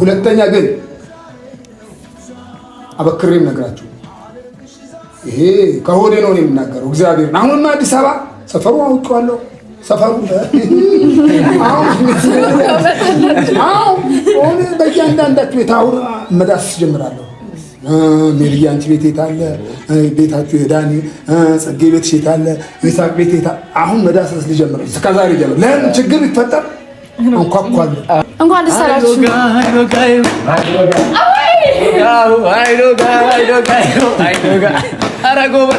ሁለተኛ ግን አበክሬም ነግራችሁ ይሄ ከሆዴ ነው የምናገረው። እግዚአብሔር አሁንማ አዲስ አበባ ሰፈሩ አውቀዋለሁ። ሰፈሩ አሁን በእያንዳንዳችሁ ቤት አሁን መዳስ ጀምራለሁ። ሜልዬ አንቺ ቤት የታለ? ቤታችሁ የዳኒ ጸጌ ቤት የታለ? ሳቅ ቤት የታለ? አሁን መዳሰስ ልጀምር። ከዛሬ ጀምር ለምን ችግር ይፈጠር እንኳን ደስ አላችሁ።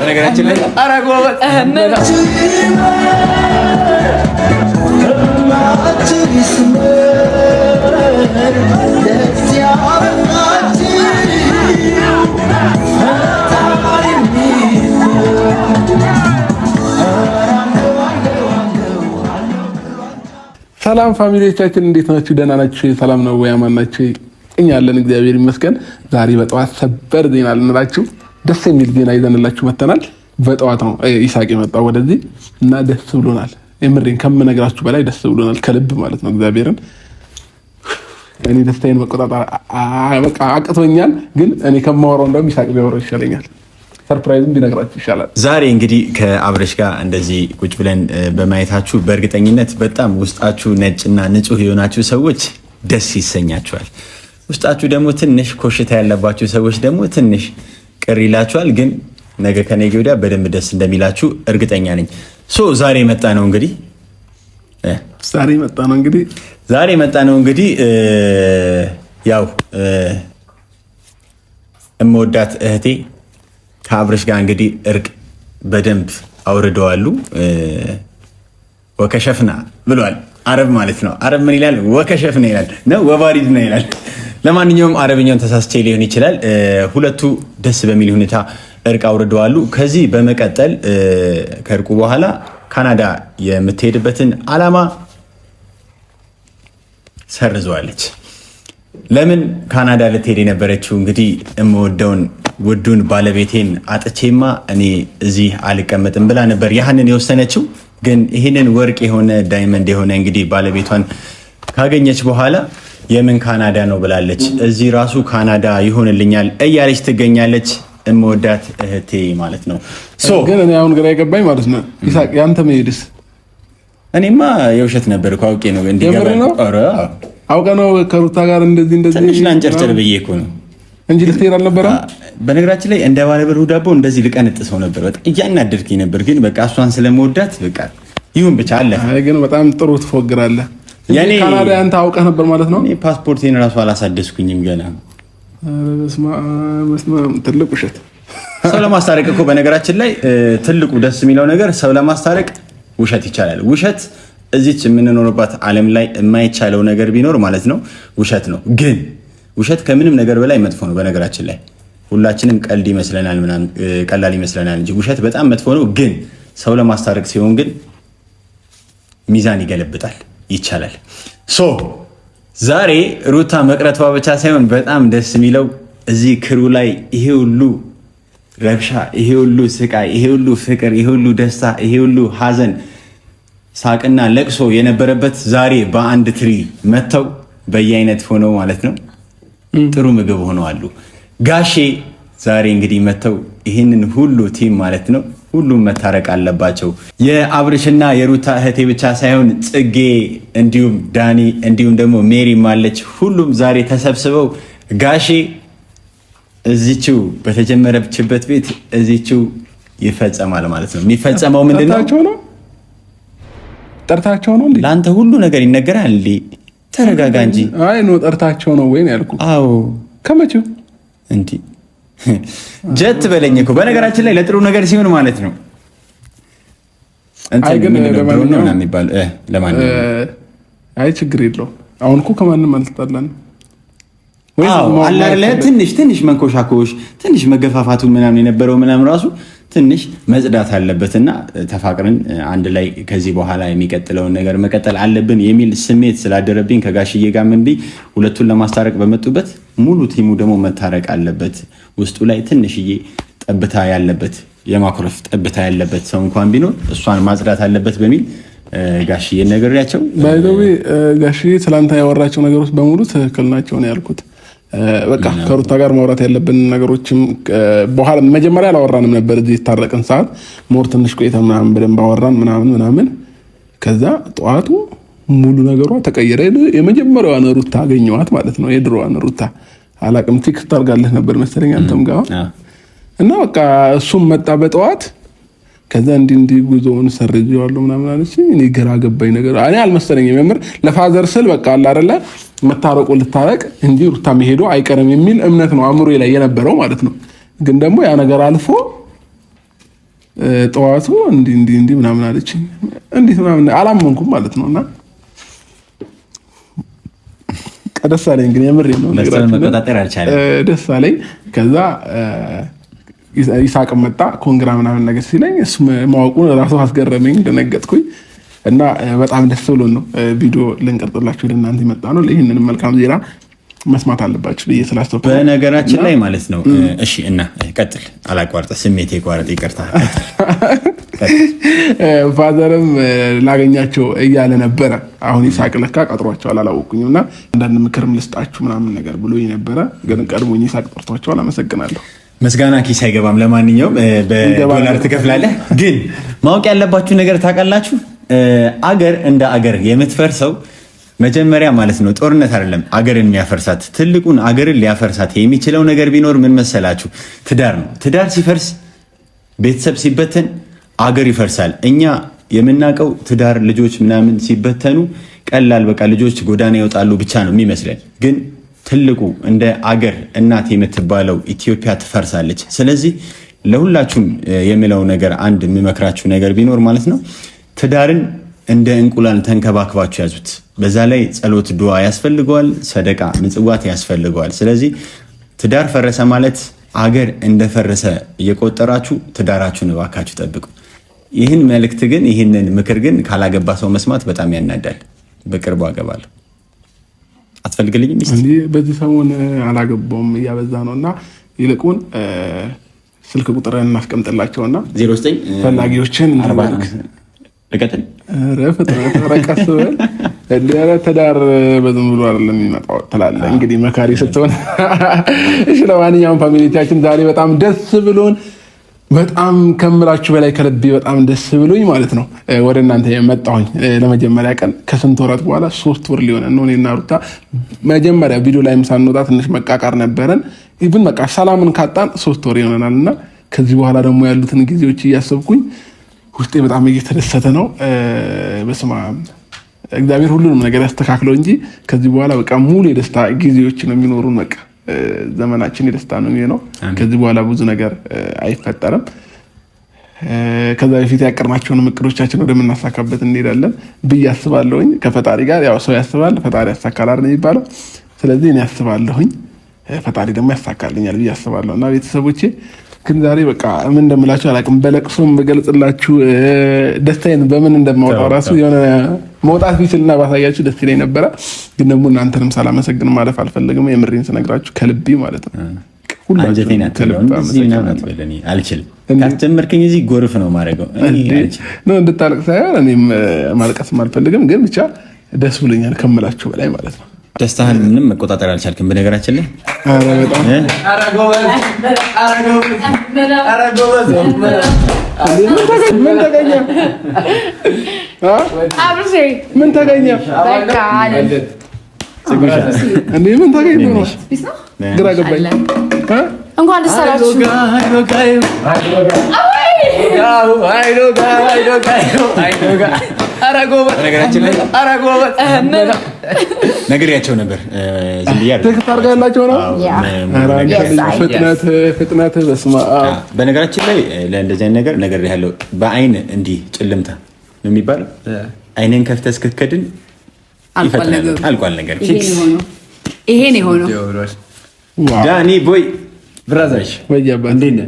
ነገራችን ላይ ሰላም ፋሚሊዎቻችን እንዴት ናችሁ? ደህና ናችሁ? ሰላም ነው ወይ? አማን ናችሁ? እኛ አለን እግዚአብሔር ይመስገን። ዛሬ በጠዋት ሰበር ዜና ልንላችሁ ደስ የሚል ዜና ይዘንላችሁ መተናል። በጠዋት ነው ይሳቅ የመጣ ወደዚህ እና ደስ ብሎናል። የምሬን ከምነግራችሁ በላይ ደስ ብሎናል፣ ከልብ ማለት ነው። እግዚአብሔርን እኔ ደስታዬን መቆጣጠር አቅቶኛል፣ ግን እኔ ከማወራው እንደውም ይሳቅ ቢያወራው ይሻለኛል። ሰርፕራይዝም ቢነግራችሁ ይሻላል። ዛሬ እንግዲህ ከአብረሽ ጋር እንደዚህ ቁጭ ብለን በማየታችሁ በእርግጠኝነት በጣም ውስጣችሁ ነጭና ንጹህ የሆናችሁ ሰዎች ደስ ይሰኛችኋል። ውስጣችሁ ደግሞ ትንሽ ኮሽታ ያለባችሁ ሰዎች ደግሞ ትንሽ ቅር ይላችኋል። ግን ነገ ከነገ ወዲያ በደንብ ደስ እንደሚላችሁ እርግጠኛ ነኝ። ሶ ዛሬ መጣ ነው እንግዲህ ዛሬ መጣ ነው እንግዲህ ዛሬ መጣ ነው እንግዲህ ያው እመወዳት እህቴ ከአብርሽ ጋር እንግዲህ እርቅ በደንብ አውርደዋሉ። ወከሸፍና ብሏል። አረብ ማለት ነው። አረብ ምን ይላል? ወከሸፍና ይላል ነው ወባሪድና ይላል። ለማንኛውም አረብኛውን ተሳስቼ ሊሆን ይችላል። ሁለቱ ደስ በሚል ሁኔታ እርቅ አውርደዋሉ። ከዚህ በመቀጠል ከእርቁ በኋላ ካናዳ የምትሄድበትን አላማ ሰርዘዋለች። ለምን ካናዳ ልትሄድ የነበረችው? እንግዲህ የምወደውን ውዱን ባለቤቴን አጥቼማ እኔ እዚህ አልቀመጥም ብላ ነበር ያህንን የወሰነችው። ግን ይህንን ወርቅ የሆነ ዳይመንድ የሆነ እንግዲህ ባለቤቷን ካገኘች በኋላ የምን ካናዳ ነው ብላለች። እዚህ ራሱ ካናዳ ይሆንልኛል እያለች ትገኛለች። የምወዳት እህቴ ማለት ነው። ግን እኔ አሁን ግራ የገባኝ ማለት ነው ይሳቅ፣ ያንተ መሄድስ? እኔማ የውሸት ነበር እኮ አውቄ ነው እንዲገባ አውቀ ነው ከሩታ ጋር እንደዚህ እንደዚህ ትንሽ ላንጨርጨር ብዬ እኮ ነው እንጂ ልትሄድ አልነበረም። በነገራችን ላይ እንደ ባለብሩ ዳቦ እንደዚህ ልቀነጥሰው ነበር። በቃ እያናደድከኝ ነበር፣ ግን በቃ እሷን ስለመወዳት በቃ ይሁን ብቻ አለ። ግን በጣም ጥሩ ትፎግራለህ። ካናዳ አንተ አውቀህ ነበር ማለት ነው። እኔ ፓስፖርቴን እራሱ አላሳደስኩኝም ገና። ትልቅ ውሸት። ሰው ለማስታረቅ እኮ በነገራችን ላይ ትልቁ ደስ የሚለው ነገር ሰው ለማስታረቅ ውሸት ይቻላል ውሸት እዚች የምንኖርባት ዓለም ላይ የማይቻለው ነገር ቢኖር ማለት ነው ውሸት ነው። ግን ውሸት ከምንም ነገር በላይ መጥፎ ነው። በነገራችን ላይ ሁላችንም ቀልድ ይመስለናል፣ ቀላል ይመስለናል እንጂ ውሸት በጣም መጥፎ ነው። ግን ሰው ለማስታረቅ ሲሆን ግን ሚዛን ይገለብጣል፣ ይቻላል። ሶ ዛሬ ሩታ መቅረቷ ብቻ ሳይሆን በጣም ደስ የሚለው እዚህ ክሩ ላይ ይሄ ሁሉ ረብሻ፣ ይሄ ሁሉ ስቃይ፣ ይሄ ሁሉ ፍቅር፣ ይሄ ሁሉ ደስታ፣ ይሄ ሁሉ ሀዘን ሳቅና ለቅሶ የነበረበት ዛሬ በአንድ ትሪ መጥተው በየአይነት ሆነው ማለት ነው ጥሩ ምግብ ሆነው አሉ። ጋሼ ዛሬ እንግዲህ መጥተው ይህንን ሁሉ ቲም ማለት ነው ሁሉም መታረቅ አለባቸው። የአብርሽና የሩታ እህቴ ብቻ ሳይሆን ጽጌ፣ እንዲሁም ዳኒ፣ እንዲሁም ደግሞ ሜሪ ማለች። ሁሉም ዛሬ ተሰብስበው ጋሼ እዚችው በተጀመረችበት ቤት እዚችው ይፈጸማል ማለት ነው። የሚፈጸመው ምንድን ነው? ጠርታቸው ነው እንዴ? ለአንተ ሁሉ ነገር ይነገራል እንዴ? ተረጋጋ እንጂ። አይ ኖ ጠርታቸው ነው ወይ ያልኩ። አዎ ከመቼው እንዲ ጀት በለኝ እኮ። በነገራችን ላይ ለጥሩ ነገር ሲሆን ማለት ነው። አይ ችግር የለው። አሁን እኮ ከማንም አልተጣላንም። አላለ ትንሽ ትንሽ መንኮሻኮሽ፣ ትንሽ መገፋፋቱ ምናምን የነበረው ምናምን ራሱ ትንሽ መጽዳት አለበትና ተፋቅርን አንድ ላይ ከዚህ በኋላ የሚቀጥለውን ነገር መቀጠል አለብን የሚል ስሜት ስላደረብኝ ከጋሽዬ ጋር ምን ሁለቱን ለማስታረቅ በመጡበት ሙሉ ቲሙ ደግሞ መታረቅ አለበት። ውስጡ ላይ ትንሽዬ ጠብታ ያለበት የማኩረፍ ጠብታ ያለበት ሰው እንኳን ቢኖር እሷን ማጽዳት አለበት በሚል ጋሽዬ ያቸው ባይዘዌ ጋሽዬ ትላንትና ያወራቸው ነገሮች በሙሉ ትክክል ናቸው ነው ያልኩት። በቃ ከሩታ ጋር ማውራት ያለብን ነገሮችም በኋላ መጀመሪያ አላወራንም ነበር። እዚህ የታረቅን ሰዓት ሞር ትንሽ ቆይታ ምናምን በደንብ አወራን ምናምን ምናምን። ከዛ ጠዋቱ ሙሉ ነገሯ ተቀየረ። የመጀመሪያዋን ሩታ አገኘዋት ማለት ነው። የድሮዋን ሩታ አላቅም ቴክስት ታርጋለህ ነበር መሰለኝ አንተም ጋር እና በቃ እሱም መጣ በጠዋት ከዛ እንዲህ እንዲህ ጉዞውን ሰርጀዋለሁ ምናምን አለች። እኔ ግራ ገባኝ ነገር እኔ አልመሰለኝ የምር ለፋዘር ስል በቃ አለ አይደለ መታረቁ ልታረቅ እንጂ ሩታ መሄዱ አይቀርም የሚል እምነት ነው አእምሮ ላይ የነበረው ማለት ነው። ግን ደግሞ ያ ነገር አልፎ ጠዋቱ እንዲህ እንዲህ እንዲህ ምናምን አለች። እንዴት ምናምን አላመንኩም ማለት ነው እና ደስ አለኝ። ግን የምር ነው ደስ አለኝ ከዛ ይስሐቅ መጣ ኮንግራ ምናምን ነገር ሲለኝ እሱ ማወቁን ራሱ አስገረመኝ፣ ደነገጥኩኝ እና በጣም ደስ ብሎ ነው ቪዲዮ ልንቀርጥላችሁ ልናንተ የመጣ ነው። ይህንን መልካም ዜና መስማት አለባችሁ ብዬ ስላሰብኩ በነገራችን ላይ ማለት ነው። እሺ እና ቀጥል፣ አላቋርጠ ስሜት የቋረጥ ይቅርታ። ፋዘርም ላገኛቸው እያለ ነበረ። አሁን ይስሐቅ ለካ ቀጥሯቸዋል፣ አላወቁኝም እና አንዳንድ ምክርም ልስጣችሁ ምናምን ነገር ብሎ ነበረ፣ ግን ቀድሞ ይስሐቅ ጠርቷቸዋል። አመሰግናለሁ። መስጋና ኪስ አይገባም። ለማንኛውም በዶላር ትከፍላለህ። ግን ማወቅ ያለባችሁ ነገር ታውቃላችሁ፣ አገር እንደ አገር የምትፈርሰው መጀመሪያ ማለት ነው ጦርነት አይደለም አገርን የሚያፈርሳት። ትልቁን አገርን ሊያፈርሳት የሚችለው ነገር ቢኖር ምን መሰላችሁ? ትዳር ነው። ትዳር ሲፈርስ፣ ቤተሰብ ሲበተን፣ አገር ይፈርሳል። እኛ የምናውቀው ትዳር ልጆች ምናምን ሲበተኑ ቀላል በቃ ልጆች ጎዳና ይወጣሉ ብቻ ነው የሚመስለን ግን ትልቁ እንደ አገር እናት የምትባለው ኢትዮጵያ ትፈርሳለች። ስለዚህ ለሁላችሁም የሚለው ነገር አንድ የምመክራችሁ ነገር ቢኖር ማለት ነው ትዳርን እንደ እንቁላል ተንከባክባችሁ ያዙት። በዛ ላይ ጸሎት፣ ድዋ ያስፈልገዋል፣ ሰደቃ፣ ምጽዋት ያስፈልገዋል። ስለዚህ ትዳር ፈረሰ ማለት አገር እንደፈረሰ እየቆጠራችሁ ትዳራችሁን እባካችሁ ጠብቁ። ይህን መልእክት ግን ይህንን ምክር ግን ካላገባ ሰው መስማት በጣም ያናዳል። በቅርቡ አገባለሁ። አትፈልግልኝም? በዚህ ሰሞን አላገባውም እያበዛ ነው እና ይልቁን ስልክ ቁጥርን እናስቀምጥላቸውና ፈላጊዎችን ልቀጥል። ፍጥረቀስ ትዳር በዝም ብሎ አይደለም የሚመጣው ትላለህ እንግዲህ መካሪ ስትሆን። እሺ ለማንኛውም ፋሚሊቲያችን ዛሬ በጣም ደስ ብሎን በጣም ከምላችሁ በላይ ከልቤ በጣም ደስ ብሎኝ ማለት ነው ወደ እናንተ የመጣሁኝ ለመጀመሪያ ቀን ከስንት ወራት በኋላ ሶስት ወር ሊሆነ ነው። እኔና ሩታ መጀመሪያ ቪዲዮ ላይም ሳንወጣ ትንሽ መቃቃር ነበረን። ኢቭን በቃ ሰላምን ካጣን ሶስት ወር ይሆነናል እና ከዚህ በኋላ ደግሞ ያሉትን ጊዜዎች እያሰብኩኝ ውስጤ በጣም እየተደሰተ ነው። በስማ እግዚአብሔር ሁሉንም ነገር ያስተካክለው እንጂ ከዚህ በኋላ በቃ ሙሉ የደስታ ጊዜዎች ነው የሚኖሩን በቃ ዘመናችን የደስታ ነው የሚሆነው። ከዚህ በኋላ ብዙ ነገር አይፈጠርም። ከዛ በፊት ያቀርናቸውን እቅዶቻችን ወደምናሳካበት እንሄዳለን ብዬ አስባለሁኝ። ከፈጣሪ ጋር ያው ሰው ያስባል ፈጣሪ ያሳካላል ነው የሚባለው። ስለዚህ እኔ ያስባለሁኝ ፈጣሪ ደግሞ ያሳካልኛል ብዬ አስባለሁ እና ቤተሰቦቼ ግን ዛሬ በቃ ምን እንደምላችሁ አላውቅም። በለቅሶም በገልጽላችሁ ደስታዬን በምን እንደማወጣው ራሱ የሆነ መውጣት ቢችልና ባሳያችሁ ደስ ይለኝ ነበረ። ግን ደግሞ እናንተንም ሳላመሰግን ማለፍ አልፈለግም። የምሬን ስነግራችሁ ከልቢ ማለት ነው። አንጀቴን አትበለኝ፣ እዚህ ጎርፍ ነው ማድረገው። እንድታለቅ ሳይሆን እኔም ማልቀስም አልፈልግም። ግን ብቻ ደስ ብሎኛል ከምላችሁ በላይ ማለት ነው። ደስታህን ምንም መቆጣጠር አልቻልክም። በነገራችን ላይ ምን ተገኘ? ምን ተገኘ? ግራ ገባኝ። እንኳን ደስ አላችሁ ነገራችን ላይ ነግሬያቸው ነበር። ትክክል አድርጋላቸው ነው። ፍጥነት በነገራችን ላይ ለእንደዚህ አይነት ነገር ነገር ያለው በአይን እንዲህ ጭልምታ ነው የሚባለው። አይንን ከፍተህ እስክትከድን አልቋል ነገር ይሄን የሆነው ዳኒ ቦይ ብራዛሽ እንዴት ነህ?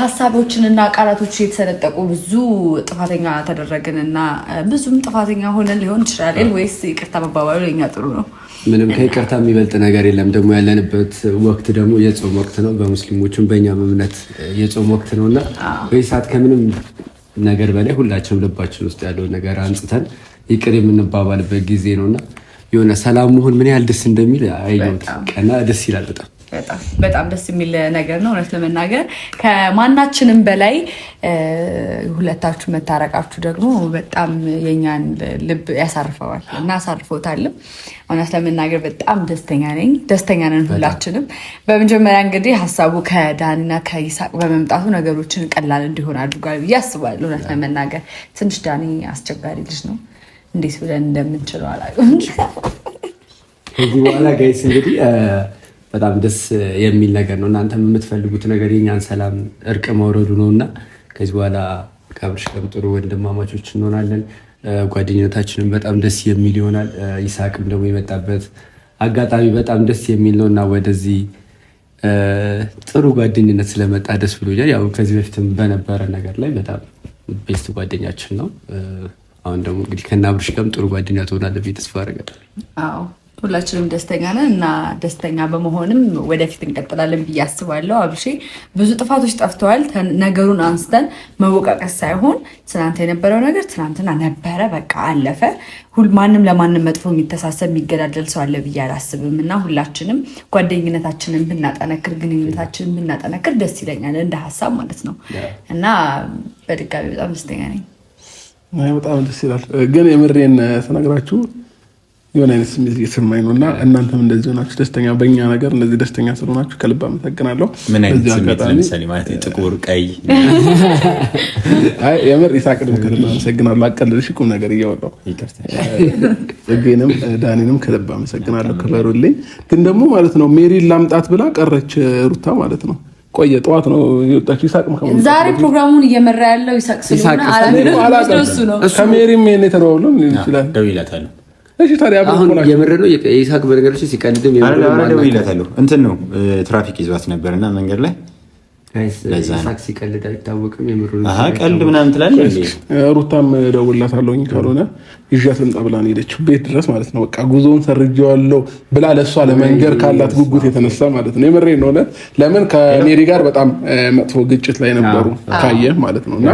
ሀሳቦችን እና ቃላቶች የተሰነጠቁ ብዙ ጥፋተኛ ተደረግን እና ብዙም ጥፋተኛ ሆነን ሊሆን ይችላል። ወይስ ይቅርታ መባባሉ ለኛ ጥሩ ነው? ምንም ከይቅርታ የሚበልጥ ነገር የለም። ደግሞ ያለንበት ወቅት ደግሞ የጾም ወቅት ነው። በሙስሊሞችም በእኛ እምነት የጾም ወቅት ነው እና በዚህ ሰዓት ከምንም ነገር በላይ ሁላችንም ልባችን ውስጥ ያለው ነገር አንጽተን ይቅር የምንባባልበት ጊዜ ነው እና የሆነ ሰላም መሆን ምን ያህል ደስ እንደሚል አይነት ቀና ደስ ይላል በጣም በጣም ደስ የሚል ነገር ነው። እውነት ለመናገር ከማናችንም በላይ ሁለታችሁ መታረቃችሁ ደግሞ በጣም የኛን ልብ ያሳርፈዋል እና አሳርፎታልም። እውነት ለመናገር በጣም ደስተኛ ነኝ። ደስተኛ ነን ሁላችንም። በመጀመሪያ እንግዲህ ሀሳቡ ከዳንና ከይሳቅ በመምጣቱ ነገሮችን ቀላል እንዲሆን አድርጓል ብዬ አስባለሁ። እውነት ለመናገር ትንሽ ዳኒ አስቸጋሪ ልጅ ነው። እንዴት ብለን እንደምንችለው አላውቅም። ከዚህ በኋላ ጋይስ እንግዲህ በጣም ደስ የሚል ነገር ነው። እናንተም የምትፈልጉት ነገር የኛን ሰላም እርቅ መውረዱ ነው እና ከዚህ በኋላ ከብርሽ ጋርም ጥሩ ወንድማማቾች እንሆናለን። ጓደኝነታችንም በጣም ደስ የሚል ይሆናል። ይሳቅም ደግሞ የመጣበት አጋጣሚ በጣም ደስ የሚል ነው እና ወደዚህ ጥሩ ጓደኝነት ስለመጣ ደስ ብሎኛል። ያው ከዚህ በፊትም በነበረ ነገር ላይ በጣም ቤስት ጓደኛችን ነው። አሁን ደግሞ እንግዲህ ከነ አብርሽ ጋርም ጥሩ ጓደኛ ትሆናለህ ብዬ ተስፋ አደርጋለሁ። ሁላችንም ደስተኛ ነን እና ደስተኛ በመሆንም ወደፊት እንቀጥላለን ብዬ አስባለሁ። አብሼ ብዙ ጥፋቶች ጠፍተዋል። ነገሩን አንስተን መወቃቀስ ሳይሆን ትናንት የነበረው ነገር ትናንትና ነበረ፣ በቃ አለፈ። ማንም ለማንም መጥፎ የሚተሳሰብ የሚገዳደል ሰው አለ ብዬ አላስብም እና ሁላችንም ጓደኝነታችንን ብናጠነክር፣ ግንኙነታችንን ብናጠነክር ደስ ይለኛል፣ እንደ ሀሳብ ማለት ነው እና በድጋሚ በጣም ደስተኛ ነኝ። በጣም ደስ ይላል። ግን የምሬን ተነግራችሁ የሆነ አይነት ስሜት እየሰማኝ ነው እና እናንተም እንደዚህ ሆናችሁ ደስተኛ በእኛ ነገር እንደዚህ ደስተኛ ስለሆናችሁ ከልብ አመሰግናለሁ። ምን አይነት ስሜት ለምሳሌ ማለት ጥቁር፣ ቀይ የምር ይሳቅድም ከልብ አመሰግናለሁ። አቀልልሽ ቁም ነገር እያወጣሁ ጽጌንም ዳኒንም ከልብ አመሰግናለሁ። ክበሩልኝ። ግን ደግሞ ማለት ነው ሜሪን ላምጣት ብላ ቀረች ሩታ ማለት ነው። ቆየ ጠዋት ነው የወጣችው። ይሳቅ ዛሬ ፕሮግራሙን እየመራ ያለው ይሳቅ ስለሆነ ከሜሪም ይሄን የተባብለን ሊሆን ይችላል እሺ ታዲያ አሁን የምር ነው የይስሐቅ በነገሮች ሲቀልድም ይለታለሁ። እንትን ነው ትራፊክ ይዟት ነበርና መንገድ ላይ ሲቀልድ አይታወቅም። ቀልድ ምናምን ትላለች። ሩታም እደውልላታለሁ ካልሆነ ይዣት ልምጣ ብላ ነው ቤት ድረስ ማለት ነው። በቃ ጉዞውን ሰርጀዋለሁ ብላ ለእሷ ለመንገር ካላት ጉጉት የተነሳ ማለት ነው። የምሬ ነው። ለምን ከሜሪ ጋር በጣም መጥፎ ግጭት ላይ ነበሩ ካየ ማለት ነው እና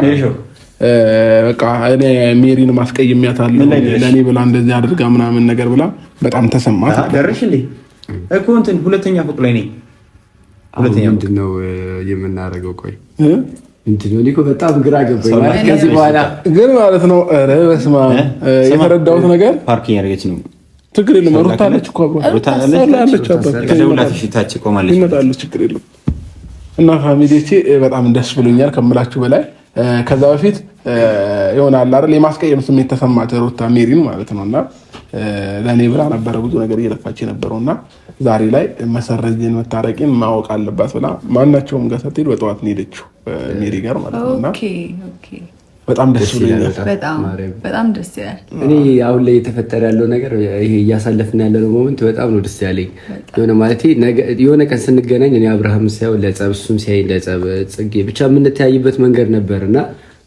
በቃ እኔ ሜሪን ማስቀይሜያታለሁ ለእኔ ብላ እንደዚህ አድርጋ ምናምን ነገር ብላ በጣም ተሰማት። ደረሽ እኮ እንትን ሁለተኛ ፎቅ ላይ ምንድን ነው የምናደርገው? ቆይ በጣም ግራ ገባኝ። ከዚህ በኋላ ግን ማለት ነው ኧረ የተረዳሁት ነገር ያደረገች ነው። ችግር የለም ሩታ አለች እኮ ችግር የለም እና ፋሚሊዎቼ በጣም ደስ ብሎኛል ከምላችሁ በላይ ከዛ በፊት ይሆናል አይደል የማስቀየም ስሜት ተሰማት ሩታ ሜሪን ማለት ነው። እና ለእኔ ብላ ነበረ ብዙ ነገር እየለፋች የነበረው እና ዛሬ ላይ መሰረዝን መታረቂን ማወቅ አለባት ብላ ማናቸውም ጋር ስትሄድ በጠዋት ሄደችው ሜሪ ጋር ማለት ነው እና በጣም ደስ ይላል። በጣም ደስ ይላል። እኔ አሁን ላይ የተፈጠረ ያለው ነገር ይሄ እያሳለፍን ያለነው ሞመንት በጣም ነው ደስ ያለኝ። የሆነ ማለት የሆነ ቀን ስንገናኝ እኔ አብርሃም ሲያው ለጸብ፣ እሱም ሲያይ ለጸብ፣ ጽጌ ብቻ የምንተያይበት መንገድ ነበር እና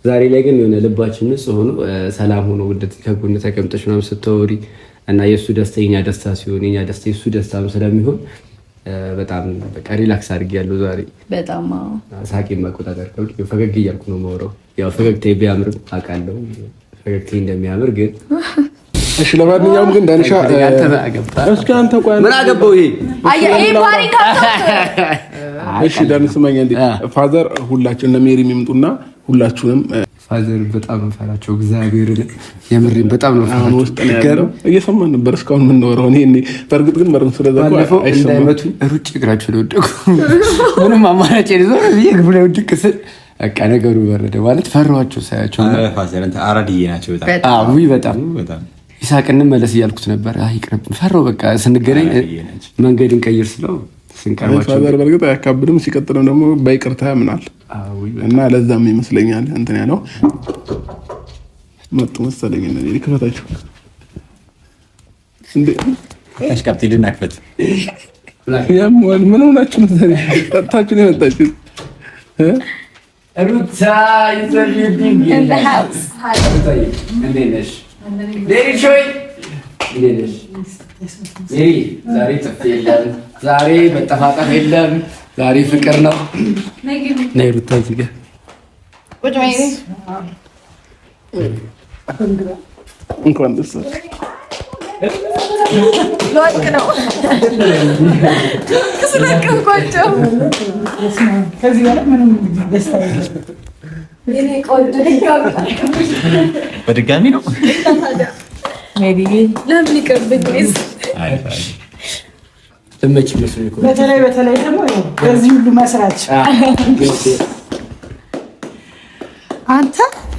ዛሬ ላይ ግን የሆነ ልባችን ንጹህ ሆኖ ሰላም ሆኖ ውደት ከጎን ተቀምጠሽ ምናምን ስታወሪ እና የእሱ ደስታ የኛ ደስታ ሲሆን የኛ ደስታ የእሱ ደስታ ስለሚሆን በጣም በቃ ሪላክስ አድርጌያለሁ ዛሬ በጣም ሳቂ መቆጣጠር ፈገግ እያልኩ ነው የማወራው ያው ፈገግታ ቢያምር አውቃለሁ ፈገግታ እንደሚያምር ግን እሺ ለማንኛውም ግን ዳንሻ እስኪ አንተ ቆይ ምን አገባው ይሄ አየ ይሄ እሺ ዳን ስማኝ እንዴ ፋዘር ሁላችሁ እነ ሜሪ የሚምጡና ሁላችሁንም ፋዘር በጣም እንፈራቸው እግዚአብሔር የምሪን በጣም ነው አሁን ውስጥ ነገር እየሰማን ነበር እስካሁን ምን ነው ነው እኔ በእርግጥ ግን መርም ስለዘቆ አይሰማም እንዳይመቱ ሩጭ እግራቸው ነው ወደቁ ምንም አማራጭ ይዘው ይግብለው ድቅስ በቃ ነገሩ በረደ ማለት ፈራኋቸው ሳያቸው አራድዬ ናቸው በጣም ይሳቅንም መለስ እያልኩት ነበር ይቅርብ ፈራሁ በቃ ስንገናኝ መንገድ እንቀይር ስለው ስንቀርባቸው በእርግጥ አያካብድም ሲቀጥልም ደግሞ በይቅርታ ምናል እና ለዛም ይመስለኛል እንትን ያለው መጡ መሰለኝ ክፈታቸው ሽቃብቴልና ክፈት ምንም ናችሁ መሰለኝ ጠጥታችሁ ነው የመጣችሁት ሩታ ዛሬ ጥፍ የለም፣ ዛሬ መጠፋጠፍ የለም፣ ዛሬ ፍቅር ነው። ነይ ሩታ እዚህ ጋር እንኳን ደስ ለወርቅ ነው ስለቀንኳቸው ከዚህ በላይ ምንም ደስታ በድጋሚ ነው ለምን ይቀርብኝ። ትመች መስሎኝ በተለይ በተለይ ደግሞ በዚህ ሁሉ መስራች አንተ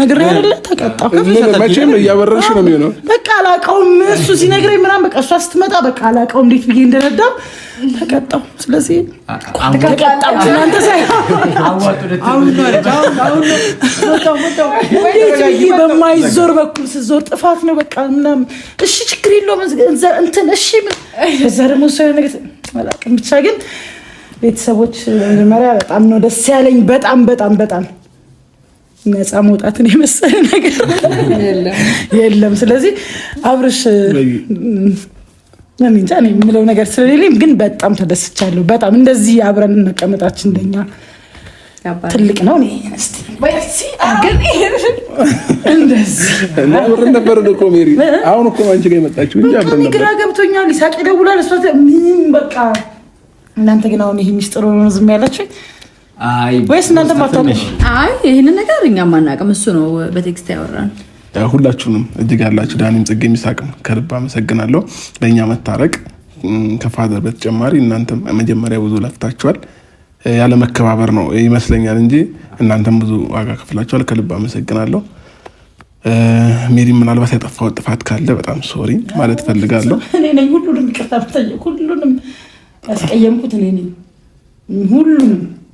ነገር ያለ ተቀጣ መቼም እያበረሽ ነው የሚሆነው። በቃ አላውቀውም። እሱ ሲነግረኝ ምናምን በቃ እሷ ስትመጣ በቃ አላውቀውም እንዴት ብዬ እንደረዳው ተቀጣው። ስለዚህ ተቀጣው እናንተ በማይዞር በኩል ስዞር ጥፋት ነው በቃ ምናምን። እሺ ችግር የለውም እንትን እሺ እዛ ደግሞ እሱ ነገር አላውቅም። ብቻ ግን ቤተሰቦች መጀመሪያ በጣም ነው ደስ ያለኝ። በጣም በጣም በጣም ነፃ መውጣትን የመሰለ ነገር የለም። ስለዚህ አብርሽ እንጃ የምለው ነገር ስለሌለኝ ግን በጣም ተደስቻለሁ። በጣም እንደዚህ አብረን መቀመጣችን እንደኛ ትልቅ ነው። አብረን ነበር እኮ ሜሪ፣ አሁን እኮ አንቺ ጋር የመጣችው እንጂ አብረን ነበር። ግራ ገብቶኛል። ይሳቅ ደውላል፣ እሷ ምንም በቃ። እናንተ ግን አሁን ይሄ ሚስጥር ዝም ያላችሁ ወይስ እናንተ ማታውቁ? አይ ይህንን ነገር እኛም አናውቅም። እሱ ነው በቴክስት ያወራል ሁላችሁንም እጅግ ያላችሁ ዳኒም፣ ጽጌ፣ ሚሳቅም ከልብ አመሰግናለሁ ለእኛ መታረቅ ከፋዘር በተጨማሪ እናንተም መጀመሪያ ብዙ ለፍታችኋል። ያለ መከባበር ነው ይመስለኛል እንጂ እናንተም ብዙ ዋጋ ከፍላችኋል። ከልብ አመሰግናለሁ። ሜሪ ምናልባት ያጠፋው ጥፋት ካለ በጣም ሶሪ ማለት ፈልጋለሁ። ሁሉንም ይቅርታ ሁሉንም ያስቀየምኩት እኔ ነኝ። ሁሉንም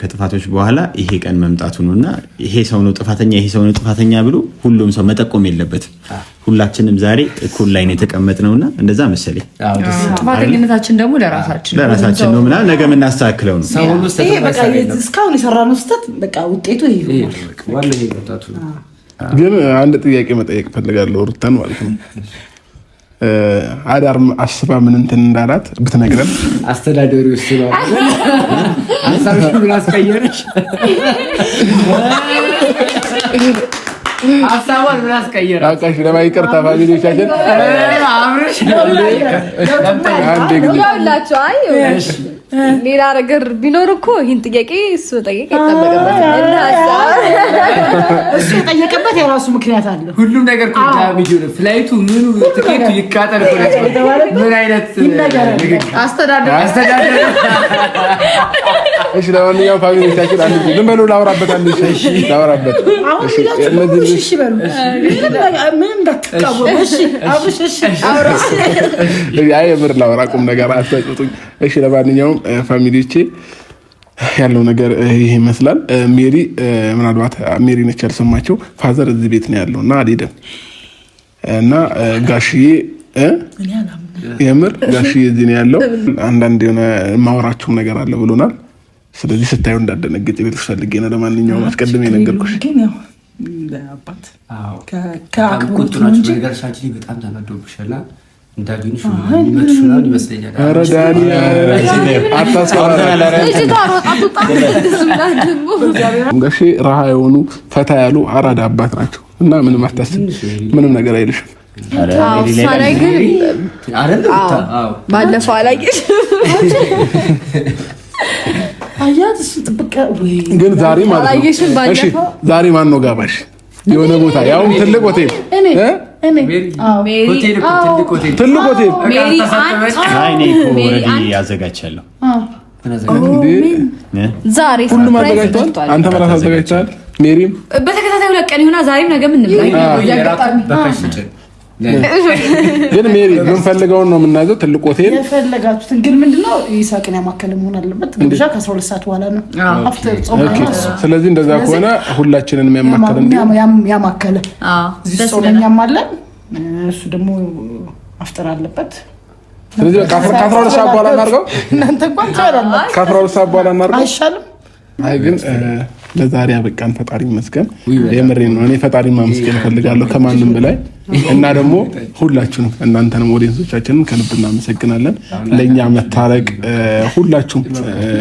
ከጥፋቶች በኋላ ይሄ ቀን መምጣቱ ነው እና ይሄ ሰው ነው ጥፋተኛ፣ ይሄ ሰው ነው ጥፋተኛ ብሎ ሁሉም ሰው መጠቆም የለበትም። ሁላችንም ዛሬ እኩል ላይ ነው ነው እና እንደዛ መሰለኝ። ጥፋተኝነታችን ደግሞ ለራሳችን ለራሳችን ነው ምናምን ነገ የምናስተካክለው ነው። እስካሁን የሰራነው ስህተት በቃ ውጤቱ ግን አንድ ጥያቄ መጠየቅ ፈልጋለሁ ሩታን ማለት ነው አዳር አስባ ምን እንትን እንዳላት ብትነግረን አስተዳደሪ ስ ሀሳብሽን አስቀየረሽ ሀሳቧን ምን አስቀየረ አውቃሽ ለማይቀርታ ፋሚሊዎቻችን ሌላ ነገር ቢኖር እኮ ይህን ጥያቄ እሱ እሱ የጠየቀበት የራሱ ምክንያት አለ። ሁሉም ነገር ፍላይቱ፣ ምኑ፣ ትኬቱ ይቃጠል። ምን አይነት አስተዳደር ለማንኛውም ፋሚሊዎቻችን ላውራ ቁም ነገር አትሰጡኝ። ለማንኛውም ለማንኛውም ፋሚሊዎቼ ያለው ነገር ይሄ ይመስላል። ሜሪ ምናልባት ሜሪ ነች ያልሰማቸው ፋዘር እዚህ ቤት ነው ያለው እና አልሄደም እና ጋሽዬ የምር ጋሽዬ እዚህ ነው ያለው። አንዳንድ የሆነ ማወራችሁም ነገር አለ ብሎናል። ስለዚህ ስታዩ እንዳደነገጭ ቤት ፈልጌ ነው። ለማንኛውም አስቀድም የነገርኩሽ ከአባት ከአቅቦት ነው እንጂ በጣም ተናዶብሻል። እንዳገኙሽ ጋሼ ረሃ የሆኑ ፈታ ያሉ አራዳ አባት ናቸው እና ምንም አታስብ፣ ምንም ነገር አይልሽም። ባለፈው ግን ዛሬ ማለት ነው። ዛሬ ማን ነው ጋባሽ? የሆነ ቦታ ያውም ትልቅ ሆቴል ያዘጋጃለሁ። ዛሬ ሁሉም አዘጋጅተዋል። አንተ በራስህ አዘጋጅተሃል። ሜሪም በተከታታይ ሁለት ቀን ይሆናል። ዛሬም ነገም እንብላ ግን ሜሪ የምንፈልገውን ነው የምናዘው። ትልቅ ሆቴል የፈለጋችሁትን ግን ምንድነው ይሳቅን ያማከለ መሆን አለበት። እንግዲህ ከአስራ ሁለት ሰዓት በኋላ ነው። ስለዚህ እንደዛ ከሆነ ሁላችንን ያማከለ እዚህ ጾመኛም አለን፣ እሱ ደግሞ አፍጠር አለበት። ስለዚህ ከአስራ ሁለት ሰዓት በኋላ እናድርገው። እናንተ እንኳን ከአስራ ሁለት ሰዓት በኋላ እናድርገው አይሻልም? አይ ግን ለዛሬ አበቃን። ፈጣሪ መስገን የምሬ ነው። እኔ ፈጣሪ ማመስገን እፈልጋለሁ ከማንም በላይ እና ደግሞ ሁላችሁንም እናንተንም ኦዲየንሶቻችንን ከልብ እናመሰግናለን። ለእኛ መታረቅ ሁላችሁም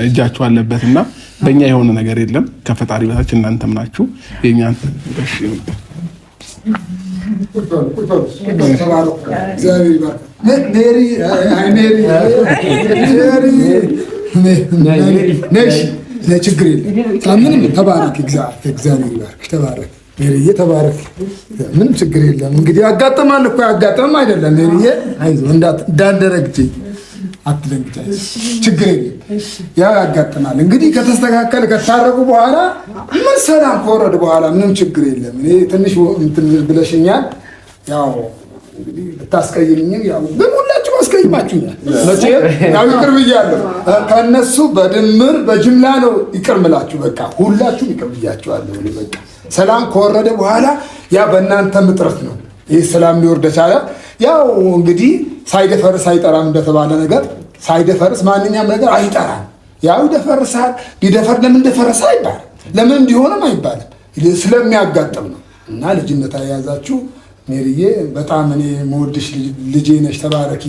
እጃችሁ አለበት እና በእኛ የሆነ ነገር የለም ከፈጣሪ በታች እናንተም ናችሁ የእኛን ሜሪ ችግር የለም። ምንም ተባረክ፣ እግዚአብሔር ይባርክ። ተባረክ ሜሪዬ፣ ተባረክ። ምንም ችግር የለም። እንግዲህ ያጋጥማል እኮ ያጋጥምም አይደለም ሜሪዬ፣ አይዞህ እንዳንደረግች አትደንግጫ፣ ችግር የለም። ያው ያጋጥማል። እንግዲህ ከተስተካከለ ከታረቁ በኋላ ምን ሰላም ከወረድ በኋላ ምንም ችግር የለም። እኔ ትንሽ ብለሽኛል ያው እንግዲህ ብታስቀይምኝም ሁላችሁም አስቀይማችሁኛል። መቼም ያው ይቅር ብያለሁ። ከእነሱ በድምር በጅምላ ነው ይቅር ምላችሁ። በቃ ሁላችሁም ይቅር በቃ ሰላም ከወረደ በኋላ ያ በእናንተም እጥረት ነው ይህ ሰላም ሊወርድ ቻለ። ያው እንግዲህ ሳይደፈርስ አይጠራም እንደተባለ ነገር ሳይደፈርስ ማንኛውም ነገር አይጠራም። ያው ይደፈርሳል። ለምን ደፈረሰ አይባልም፣ ለምን እንዲሆንም አይባልም። ስለሚያጋጥም ነው እና ልጅነት ሜሪዬ በጣም እኔ መወድሽ ልጄ ነሽ፣ ተባረኪ።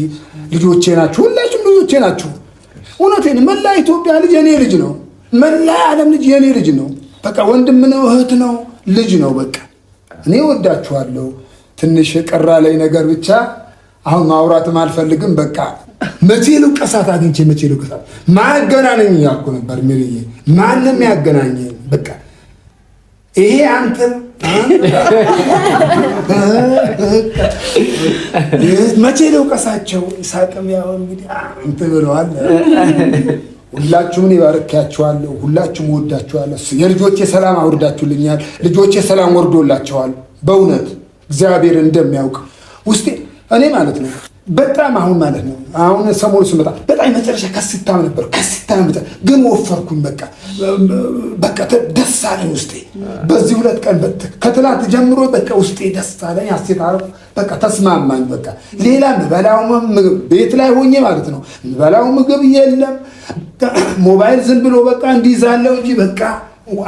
ልጆቼ ናችሁ፣ ሁላችሁም ልጆቼ ናችሁ። እውነቴን መላ ኢትዮጵያ ልጅ የኔ ልጅ ነው። መላ ዓለም ልጅ የኔ ልጅ ነው። በቃ ወንድም ነው፣ እህት ነው፣ ልጅ ነው። በቃ እኔ ወዳችኋለሁ። ትንሽ ቀራ ላይ ነገር ብቻ አሁን ማውራትም አልፈልግም። በቃ መቼ ልውቀሳት አግኝቼ መቼ ልውቀሳት ማያገናነኝ ያልኩ ነበር ሜሪዬ፣ ማንም ያገናኘኝ በቃ ይሄ አንተም መቼ ነው ቀሳቸው? ይስሐቅም ያው እንግዲህ እንትን ብለዋል። ሁላችሁም ይባርካችኋለሁ፣ ሁላችሁም ወዳችኋለሁ። የልጆቼ ሰላም አውርዳችሁልኛል። ልጆቼ ሰላም ወርዶላቸዋል። በእውነት እግዚአብሔር እንደሚያውቅ ውስጤ እኔ ማለት ነው በጣም አሁን ማለት ነው አሁን ሰሞኑ ስመጣ በጣም መጨረሻ ከስታም ነበር ከስታም ነበር፣ ግን ወፈርኩኝ። በቃ በቃ ደስ አለኝ ውስጤ። በዚህ ሁለት ቀን ከትላት ጀምሮ በቃ ውስጤ ደስ አለኝ። አስቴት አረቁ በቃ ተስማማኝ። በቃ ሌላ ምበላው ምግብ ቤት ላይ ሆኜ ማለት ነው ምበላው ምግብ የለም ሞባይል ዝም ብሎ በቃ እንዲዛለው እንጂ በቃ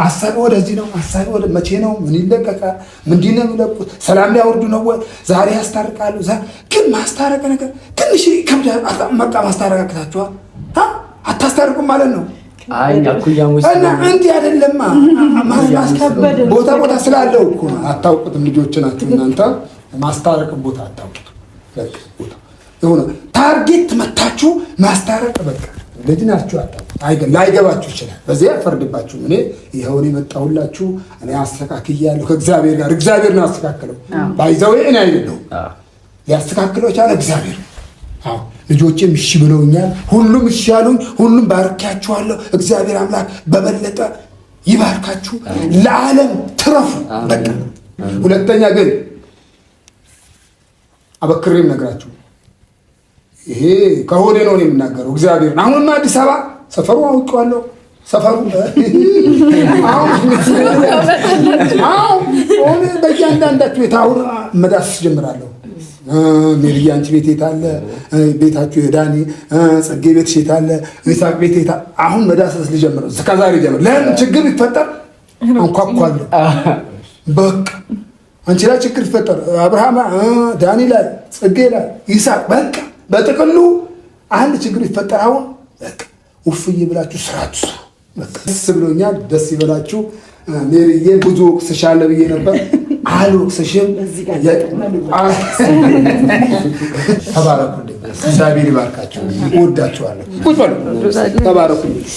አሳቢ ወደዚህ ነው፣ አሳቢ ወደ መቼ ነው? ምን ይለቀቃል? ምንድን ነው የሚለቁት? ሰላም ሊያወርዱ ነው ወይ? ዛሬ ያስታርቃሉ። ግን ማስታረቅ ነገር ትንሽ ይከብዳል። መጣ። ማስታረቅ አቅታችኋል፣ አታስታርቁም ማለት ነው። እና እንዲህ አይደለማ ቦታ ቦታ ስላለው እኮ አታውቁትም። ልጆች ናቸው እናንተ ማስታረቅም ቦታ አታውቁትም። ታርጌት መታችሁ ማስታረቅ በቃ በድናችሁ ላይገባችሁ ይችላል። በዚህ አልፈርድባችሁም። እኔ ይኸውን የመጣሁላችሁ እኔ አስተካክያለሁ ከእግዚአብሔር ጋር እግዚአብሔር ነው ባይዘው እኔ ሊያስተካክለው ቻለ እግዚአብሔር። አዎ ልጆቼም እሺ ብለውኛል። ሁሉም እሺ ያሉኝ፣ ሁሉም ባርኪያችኋለሁ። እግዚአብሔር አምላክ በበለጠ ይባርካችሁ፣ ለዓለም ትረፉ። በቃ ሁለተኛ ግን አበክሬም ነግራችሁ ይሄ ከሆዴ ነው የምናገረው። እግዚአብሔር አሁንማ አዲስ አበባ ሰፈሩ አውቀዋለሁ። ሰፈሩ አሁን በእያንዳንዳችሁ ቤት አሁን መዳስ ጀምራለሁ። ሜልዬ አንቺ ቤት የታለ? ቤታችሁ የዳኒ ጽጌ ቤት የታለ? ይሳቅ ቤት የታ? አሁን መዳሰስ ልጀምር፣ ከዛሬ ጀምር። ለምን ችግር ይፈጠር አንኳኳለሁ። በቃ አንቺ ላይ ችግር ይፈጠር፣ አብርሃም ዳኒ ላይ ጽጌ ላይ ይሳቅ በቃ በጥቅሉ አንድ ችግር ይፈጠር። አሁን ውፍዬ ብላችሁ ስራት ደስ ብሎኛል። ደስ ይበላችሁ። ሜሪዬ ብዙ ወቅስሻለሁ ብዬ ነበር፣ አልወቅስሽም። ተባረኩልኝ። እግዚአብሔር ይባርካችሁ። ወዳችኋለሁ። ተባረኩልኝ።